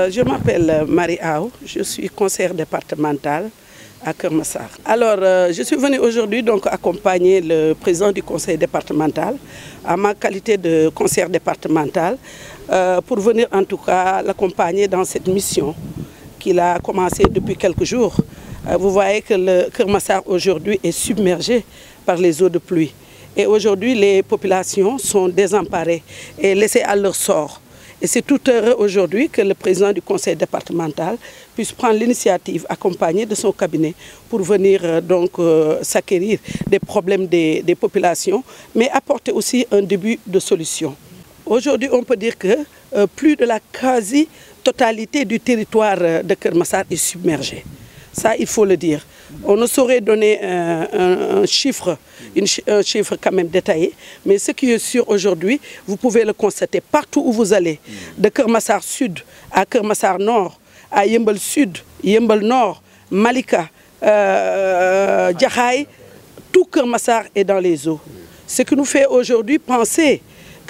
Euh, je m'appelle Marie Aou, je suis conseillère départementale à Kermassar. Alors, euh, je suis venue aujourd'hui donc accompagner le président du conseil départemental à ma qualité de conseillère départementale euh, pour venir en tout cas l'accompagner dans cette mission qu'il a commencée depuis quelques jours. vous voyez que le Kermassar aujourd'hui est submergé par les eaux de pluie. Et aujourd'hui, les populations sont désemparées et laissées à leur sort. Et c'est tout heureux aujourd'hui que le président du conseil départemental puisse prendre l'initiative, accompagné de son cabinet, pour venir euh, donc euh, s'acquérir des problèmes des, populations, mais apporter aussi un début de solution. Aujourd'hui, on peut dire que euh, plus de la quasi-totalité du territoire de Kermassar est submergée. Ça, il faut le dire. On ne saurait donner un, chiffre, un chiffre quand même détaillé, mais ce qui est sûr aujourd'hui, vous pouvez le constater partout où vous allez, de Kermassar Sud à Kermassar Nord, à Yembel Sud, Yembel Nord, Malika, euh, euh tout Kermassar est dans les eaux. Ce qui nous fait aujourd'hui penser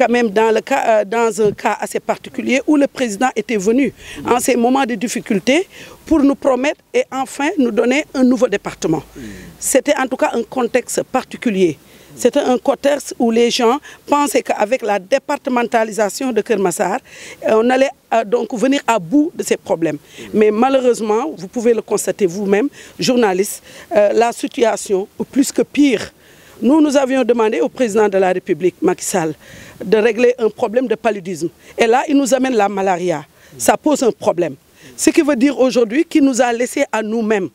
quand même dans, le cas, euh, dans un cas assez particulier où le président était venu en ces moments de difficulté pour nous promettre et enfin nous donner un nouveau département. C'était en tout cas un contexte particulier. C'était un contexte où les gens pensaient qu'avec la départementalisation de Kermassar, euh, on allait euh, donc venir à bout de ces problèmes. Mais malheureusement, vous pouvez le constater vous-même, journaliste, la situation, plus que pire, nous, nous avions demandé au président de la République, Macky Sall, de régler un problème de paludisme. Et là, il nous amène la malaria. Ça pose un problème. Ce qui veut dire aujourd'hui qu'il nous a laissé à nous-mêmes.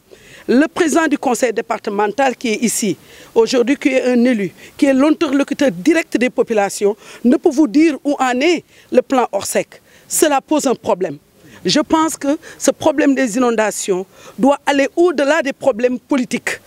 Le président du conseil départemental qui est ici, aujourd'hui qui est un élu, qui est l'interlocuteur direct des populations, ne peut vous dire où en est le plan Orsec. Cela pose un problème. Je pense que ce problème des inondations doit aller au-delà des problèmes politiques.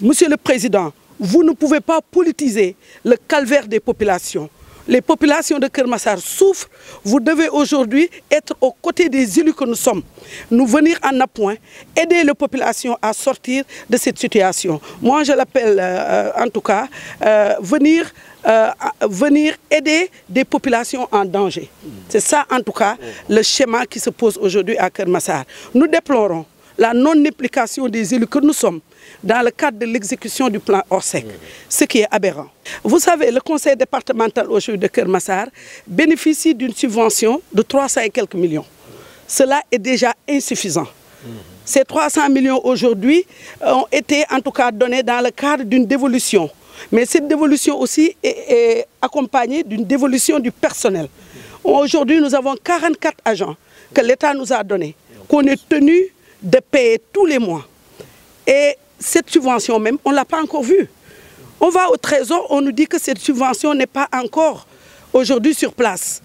Monsieur le Président, vous ne pouvez pas politiser le calvaire des populations. Les populations de Kermassar souffrent. Vous devez aujourd'hui être aux côtés des élus que nous sommes. Nous venir en appoint, aider les populations à sortir de cette situation. Moi, je l'appelle euh, en tout cas, euh, venir euh, venir aider des populations en danger. C'est ça en tout cas le schéma qui se pose aujourd'hui à Kermassar. Nous déplorons la non-implication des élus que nous sommes dans le cadre de l'exécution du plan Orsec, ce qui est aberrant. Vous savez, le conseil départemental aujourd'hui de Kermassar bénéficie d'une subvention de 300 et quelques millions. Cela est déjà insuffisant. Ces 300 millions aujourd'hui ont été en tout cas donnés dans le cadre d'une dévolution. Mais cette dévolution aussi est, accompagnée d'une dévolution du personnel. Aujourd'hui, nous avons 44 agents que l'État nous a donnés, qu'on est tenu de payer tous les mois. Et cette subvention même, on ne l'a pas encore vue. On va au trésor, on nous dit que cette subvention n'est pas encore aujourd'hui sur place.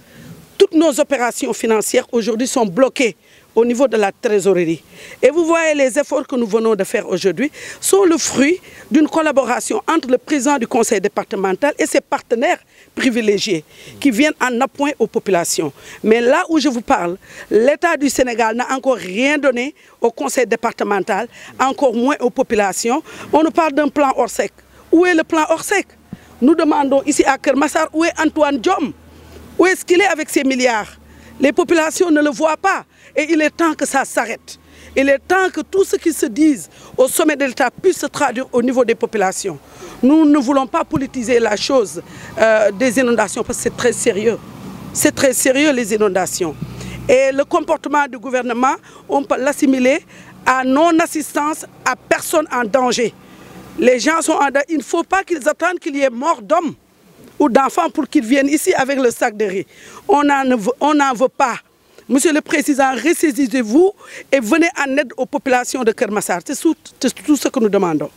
Toutes nos opérations financières aujourd'hui sont bloquées au niveau de la trésorerie. Et vous voyez les efforts que nous venons de faire aujourd'hui sont le fruit d'une collaboration entre le président du conseil départemental et ses partenaires privilégiés qui viennent en appoint aux populations. Mais là où je vous parle, l'État du Sénégal n'a encore rien donné au conseil départemental, encore moins aux populations. On nous parle d'un plan hors sec. Où est le plan hors sec Nous demandons ici à Kermassar où est Antoine Diom où est-ce qu'il est avec ces milliards Les populations ne le voient pas. Et il est temps que ça s'arrête. Il est temps que tout ce qui se dise au sommet de l'État puisse se traduire au niveau des populations. Nous ne voulons pas politiser la chose euh, des inondations parce que c'est très sérieux. C'est très sérieux les inondations. Et le comportement du gouvernement, on peut l'assimiler à non-assistance à personne en danger. Les gens sont en danger. Il ne faut pas qu'ils attendent qu'il y ait mort d'hommes ou d'enfants pour qu'ils viennent ici avec le sac de riz. On n'en veut, on veut pas. Monsieur le Président, ressaisissez-vous et venez en aide aux populations de Kermassar. C'est tout, tout, ce que nous demandons.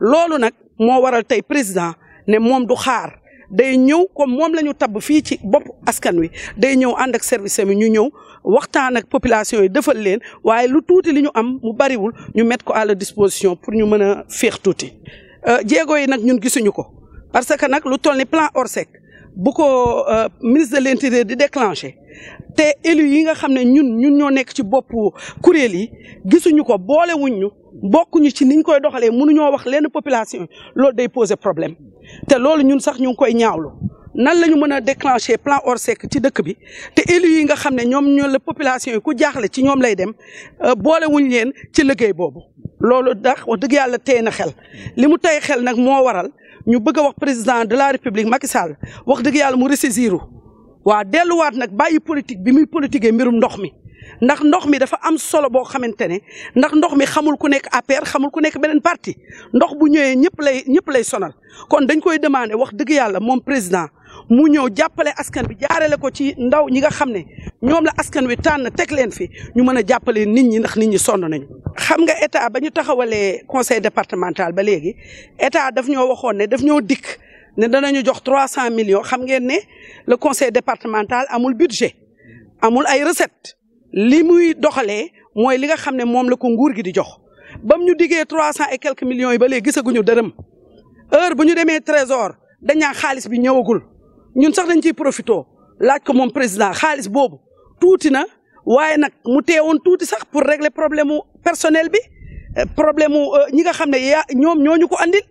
Lolo nak mo waral président ne mom du xaar day ñëw comme mom lañu tab fi ci bop askan wi day ñëw and ak service mi ñu ñëw waxtaan ak population yi defal leen waye lu tuuti li ñu am mu wul ñu mettre ko à la disposition pour ñu na faire touti euh na yi nak ñun gisuñu ko parce que nak lu toll ni plan Orsec Beaucoup ko euh, ministre de l'intérieur di déclenché te élu yi nga xam ne ñun ñun ñoo nekk ci bopp kuréel yi gisuñu ko boolewuñ ñu ci niñ koy mënu mënuñoo wax lén population loolu day poser problème té loolu ñun sax ñu ngi koy ñaawlu nan lañu mëna déclencher plan Orsec ci dëkk bi té élu yi nga xamné ñom ñoo la population ku jaaxle ci ñom lay dem euh, boolewuñ leen ci liggéey bobu loolu ndax wax dëgg yalla tey na xel limu tay xel nak mo waral ñu bëgg a wax président de la république Macky wax dëgg yàlla mu ressaisiru waa delluwaat nag bàyyi politique bi muy politiquee mbirum ndox mi ndax ndox mi dafa am solo boo xamante ne ndax ndox mi xamul ku nekk APR xamul ku nekk beneen parti ndox bu ñëwee ñëpp lay ñëpp lay sonal kon dañ koy demander wax dëgg yàlla moom président mu ñëw jàppale askan bi jaarale ko ci ndaw ñi nga xam ne ñoom la askan wi tànn teg leen fi ñu mën a jàppale nit ñi ndax nit ñi sonn nañu. xam nga état ba ñu taxawalee conseil départemental ba léegi état daf ñoo waxoon ne daf ñoo dikk ne dana ñu jox trois cent millions xam ngeen ne la conseil départemental amul budget amul ay recette li muy doxalee mooy li nga xam ne moom la ko nguur gi di jox bam ñu diggee trois cent et quelques millions yi ba léegi gisaguñu dërëm heure bu ñu demee trésor dañ xaalis bi ñëwagul. ñun sax dañ ciy profito laaj ko moom président xaalis boobu tuuti na waaye nag mu teewoon tuuti sax pour régler problème personnel bi eh, problème eh, ñi nga xam ne yaa ñoom ñoo ko andil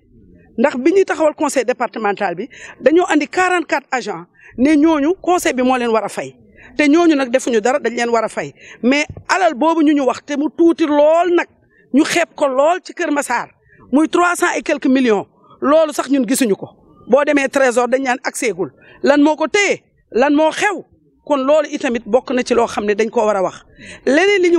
ndax bi ñuy taxawal conseil départemental bi dañoo andi 44 agents ne ñooñu conseil bi moo leen war a fay te ñooñu nag defuñu dara dañ leen war a fay mais alal boobu ñu ñu wax te mu tuuti lool nag ñu xeeb ko lool ci Kër Massar muy 300 et quelques millions loolu sax ñun gisuñu ko boo demee trésor dañ lan moko lan mo xew kon loolu itamit bokk na ci lo xamné dañ ko wara wax li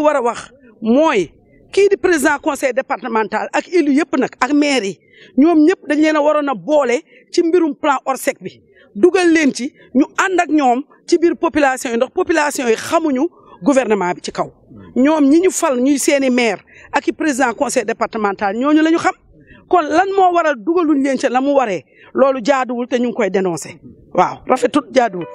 ñu président conseil départemental ak élu yépp nak ak maire yi ñom ñëpp dañ leena warona bolé ci plan Orsec bi dugal leen ci ñu ak population ndox population yi gouvernement bi ci kaw ñom ñi ñu fal ñuy seeni maire ak président conseil départemental kon lan moo waral dugaluñ leen ca la mu waree loolu jaaduwul te ñu ngi koy dénoncé waaw rafetut jaaduwut